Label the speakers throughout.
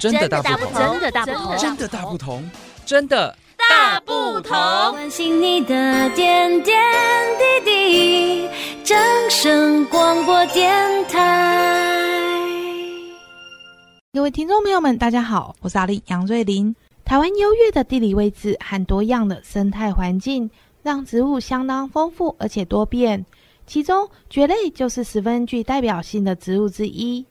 Speaker 1: 真的大不同，真的大不同，真的大不同，真的大不同。關心你的點點滴滴，正聲廣播電台，各位聽眾朋友們，大家好，我是阿麗楊瑞琳。台灣優越的地理位置和多樣的生態環境，讓植物相當豐富而且多變。其中蕨類就是十分具代表性的植物之一，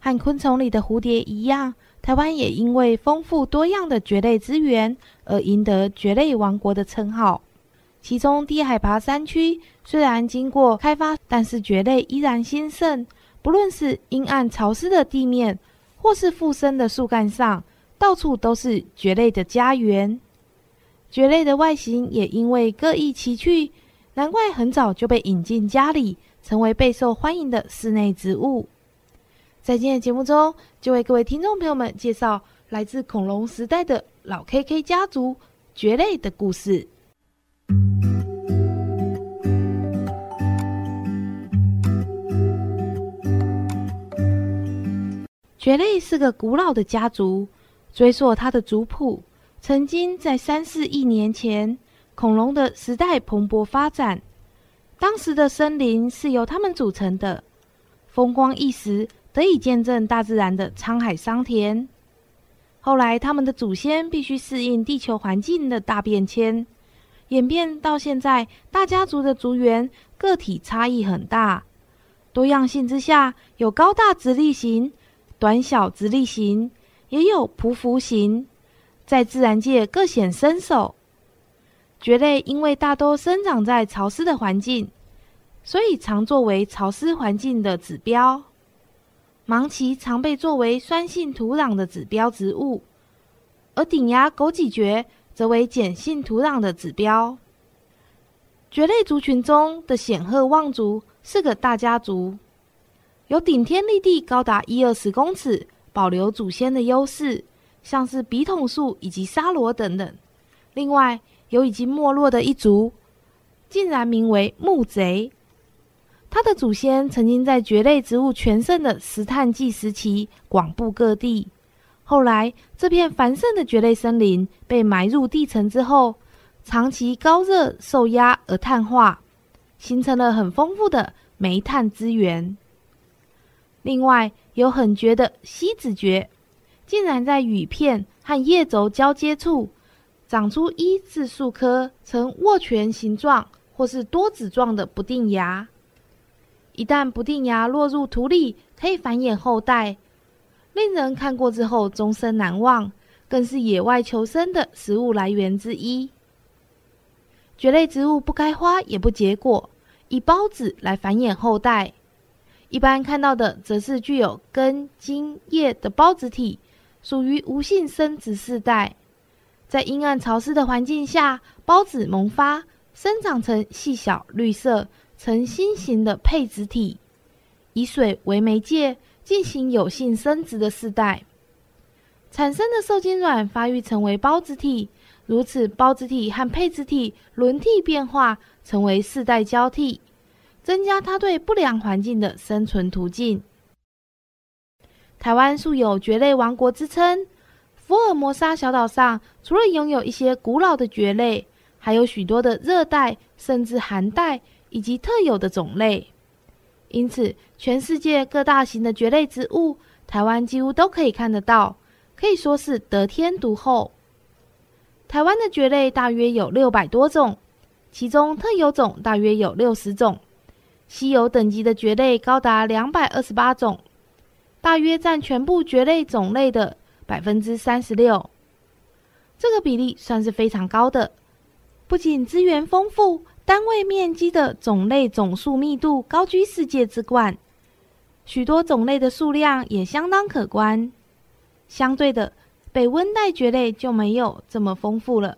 Speaker 1: 和昆蟲裡的蝴蝶一樣。台灣也因為豐富多樣的蕨類資源而贏得“蕨類王國”的稱號。其中低海拔山區雖然經過開發，但是蕨類依然興盛。不論是陰暗潮濕的地面，或是附生的樹幹上，到處都是蕨類的家園。蕨類的外形也因為各異奇趣，難怪很早就被引進家裡，成為備受歡迎的室內植物。在今天的節目中，就為各位聽眾朋友們介紹來自恐龍時代的老 K K 家族蕨類的故事。蕨類是個古老的家族，追溯它的族譜，曾經在三四億年前，恐龍的時代蓬勃發展，當時的森林是由它們組成的，風光一時。得以見證大自然的滄海桑田。後來，他們的祖先必須適應地球環境的大變遷，演變到現在，大家族的族員個體差異很大。多樣性之下，有高大直立型、短小直立型，也有匍匐型，在自然界各顯身手。蕨類因為大多生長在潮濕的環境，所以常作為潮濕環境的指標。芒萁常被作為酸性土壤的指標植物，而頂芽狗脊蕨則為鹼性土壤的指標。蕨類族群中的顯赫望族是個大家族，有頂天立地高達一二十公尺，保留祖先的優勢，像是筆筒樹以及桫欏等等。另外有已經沒落的一族，竟然名為木賊。它的祖先曾經在蕨類植物全盛的石炭紀時期廣布各地。後來，這片繁盛的蕨類森林被埋入地層之後，長期高熱受壓而碳化，形成了很豐富的煤炭資源。另外，有很絕的稀子蕨，竟然在羽片和葉軸交接處長出一至數顆呈握拳形狀或是多子狀的不定芽。一旦不定芽落入土裡，可以繁衍後代，令人看過之後終身難忘，更是野外求生的食物來源之一。蕨類植物不開花也不結果，以孢子來繁衍後代。一般看到的則是具有根、莖、葉的孢子體，屬於無性生殖世代。在陰暗潮濕的環境下，孢子萌發，生長成細小綠色。呈心型的配子體，以水為媒介進行有性生殖的世代，產生的受精卵發育成為孢子體。如此，孢子體和配子體輪替變化，成為世代交替，增加它對不良環境的生存途徑。台灣素有蕨類王國之稱，福爾摩沙小島上除了擁有一些古老的蕨類，還有許多的熱帶甚至寒帶，以及特有的種類，因此全世界各大型的蕨類植物，台灣幾乎都可以看得到，可以說是得天獨厚。台灣的蕨類大約有六百多種，其中特有種大約有六十種，稀有等級的蕨類高達兩百二十八種，大約佔全部蕨類種類的百分之三十六，這個比例算是非常高的，不僅資源豐富。單位面積的種類種數密度高居世界之冠，許多種類的數量也相當可觀。相對的，北溫帶蕨類就沒有這麼豐富了，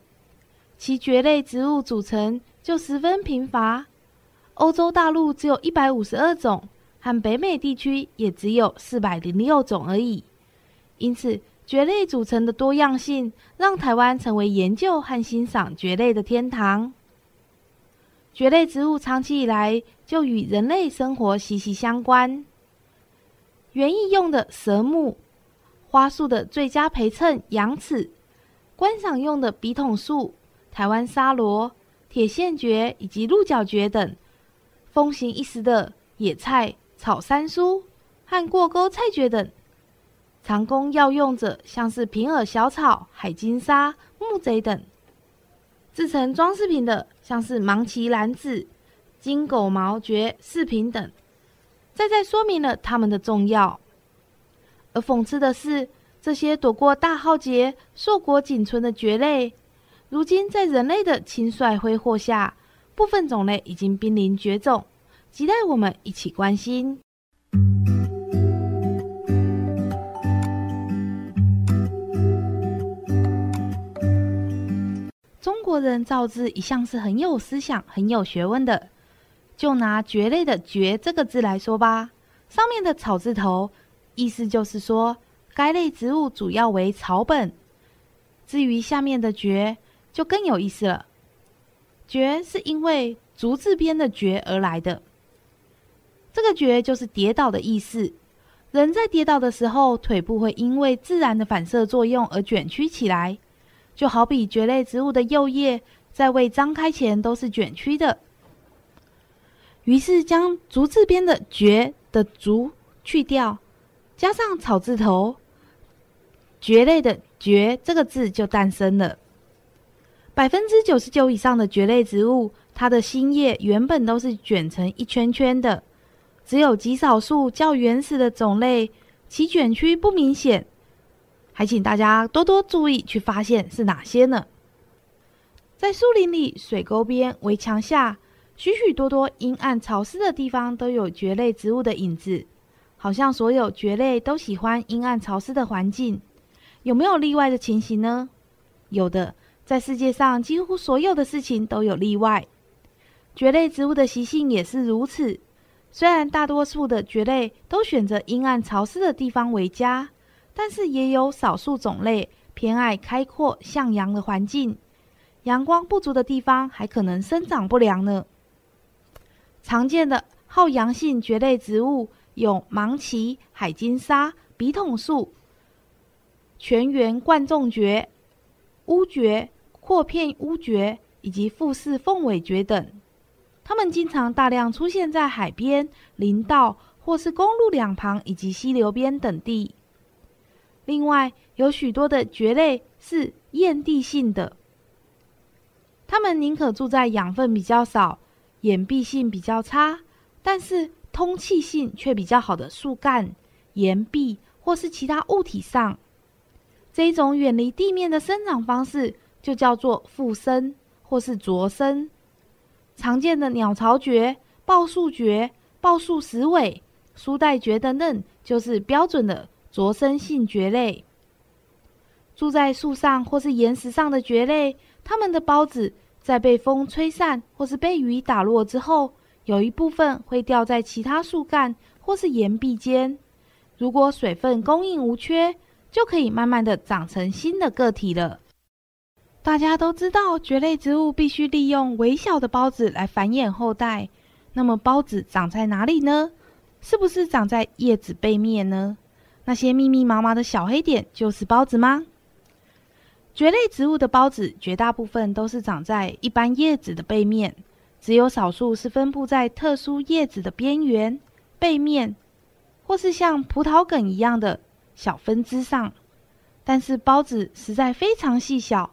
Speaker 1: 其蕨類植物組成就十分貧乏。歐洲大陸只有一百五十二種，和北美地區也只有四百零六種而已。因此，蕨類組成的多樣性讓台灣成為研究和欣賞蕨,蕨類的天堂。蕨類植物長期以來就與人類生活息息相關。園藝用的蛇木、花束的最佳陪襯羊齒、觀賞用的筆筒樹、台灣沙羅、鐵線蕨以及鹿角蕨等，風行一時的野菜草山蘇和過溝菜蕨等，常供藥用者像是平耳小草、海金沙、木賊等。製成裝飾品的，像是芒萁籃子、金狗毛蕨飾品等，再再說明了它們的重要。而諷刺的是，這些躲過大浩劫、碩果僅存的蕨類，如今在人類的輕率揮霍下，部分種類已經瀕臨絕種，期待我們一起關心。中國人造字一向是很有思想、很有學問的。就拿蕨類的“蕨”這個字來說吧，上面的草字頭，意思就是說該類植物主要為草本。至於下面的“蕨”，就更有意思了。“蕨”是因為足字邊的“蕨”而來的。這個“蕨”就是跌倒的意思。人在跌倒的時候，腿部會因為自然的反射作用而捲曲起來。就好比蕨類植物的幼葉在未張開前都是捲曲的，於是將“竹”字邊的“蕨”的“竹”去掉，加上“草”字頭，“蕨類”的“蕨”這個字就誕生了。百分之九十九以上的蕨類植物，它的新葉原本都是卷成一圈圈的，只有極少數較原始的種類，其捲曲不明顯。還請大家多多注意，去發現是哪些呢？在樹林裡、水溝邊、圍牆下，許許多多陰暗潮濕的地方都有蕨類植物的影子，好像所有蕨類都喜歡陰暗潮濕的環境。有沒有例外的情形呢？有的，在世界上幾乎所有的事情都有例外，蕨類植物的習性也是如此。雖然大多數的蕨類都選擇陰暗潮濕的地方為家。但是也有少數種類偏愛開闊向陽的環境，陽光不足的地方還可能生長不良呢。常見的好陽性蕨類植物有芒萁、海金沙、筆筒樹、全緣貫眾蕨、烏蕨、闊片烏蕨以及傅氏鳳尾蕨等。它們經常大量出現在海邊、林道或是公路兩旁以及溪流邊等地。另外，有許多的蕨類是厭地性的，它們寧可住在養分比較少、掩蔽性比較差，但是通氣性卻比較好的樹幹、岩壁或是其他物體上。這一種遠離地面的生長方式就叫做附生或是著生。常見的鳥巢蕨、抱樹蕨、抱樹石韋、蘇帶蕨的嫩，就是標準的。着生性蕨類，住在樹上或是岩石上的蕨類，它們的孢子在被風吹散或是被雨打落之後，有一部分會掉在其他樹幹或是岩壁間。如果水分供應無缺，就可以慢慢的長成新的個體了。大家都知道，蕨類植物必須利用微小的孢子來繁衍後代。那麼，孢子長在哪裡呢？是不是長在葉子背面呢？那些密密麻麻的小黑點就是孢子嗎？蕨類植物的孢子絕大部分都是長在一般葉子的背面，只有少數是分布在特殊葉子的邊緣、背面，或是像葡萄梗一樣的小分支上。但是孢子實在非常細小，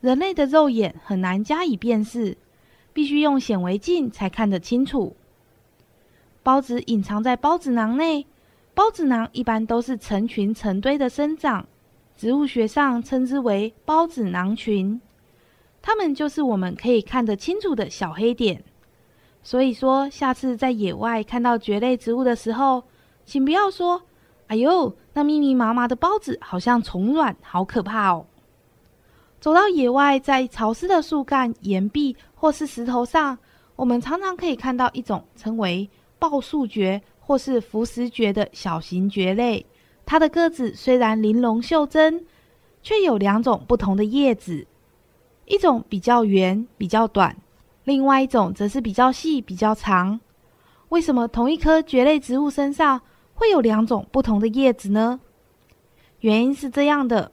Speaker 1: 人類的肉眼很難加以辨識，必須用顯微鏡才看得清楚。孢子隱藏在孢子囊內。孢子囊一般都是成群成堆的生長，植物學上稱之為孢子囊群，它們就是我們可以看得清楚的小黑點。所以說，下次在野外看到蕨類植物的時候，請不要說：“哎呦，那密密麻麻的孢子好像蟲卵，好可怕哦。”走到野外，在潮濕的樹幹、岩壁或是石頭上，我們常常可以看到一種稱為抱樹蕨。或是伏石蕨的小型蕨類，它的個子雖然玲瓏袖珍，卻有兩種不同的葉子，一種比較圓、比較短，另外一種則是比較細、比較長。為什麼同一棵蕨類植物身上會有兩種不同的葉子呢？原因是這樣的：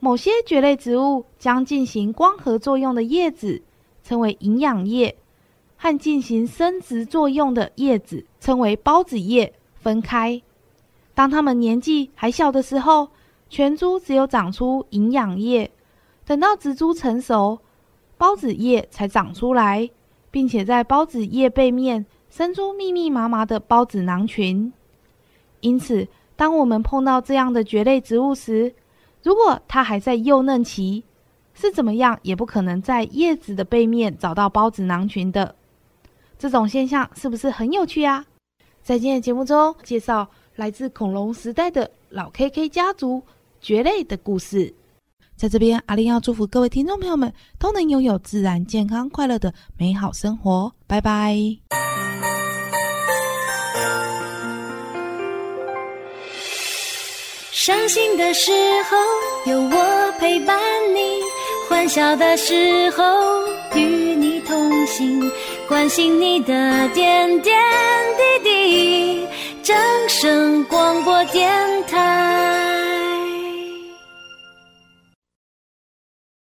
Speaker 1: 某些蕨類植物將進行光合作用的葉子稱為營養葉。和進行生殖作用的葉子稱為孢子葉，分開。當它們年紀還小的時候，全株只有長出營養葉。等到植株成熟，孢子葉才長出來，並且在孢子葉背面生出密密麻麻的孢子囊群。因此，當我們碰到這樣的蕨類植物時，如果它還在幼嫩期，是怎麼樣也不可能在葉子的背面找到孢子囊群的。這種現象是不是很有趣呀，啊？在今天的節目中，介紹來自恐龍時代的老 K K 家族蕨類的故事。在這邊，阿玲要祝福各位聽眾朋友們都能擁有自然、健康、快樂的美好生活。拜拜。傷心的時候有我陪伴你，歡笑的時候與你同行。關心你的點點滴滴，正聲廣播電台。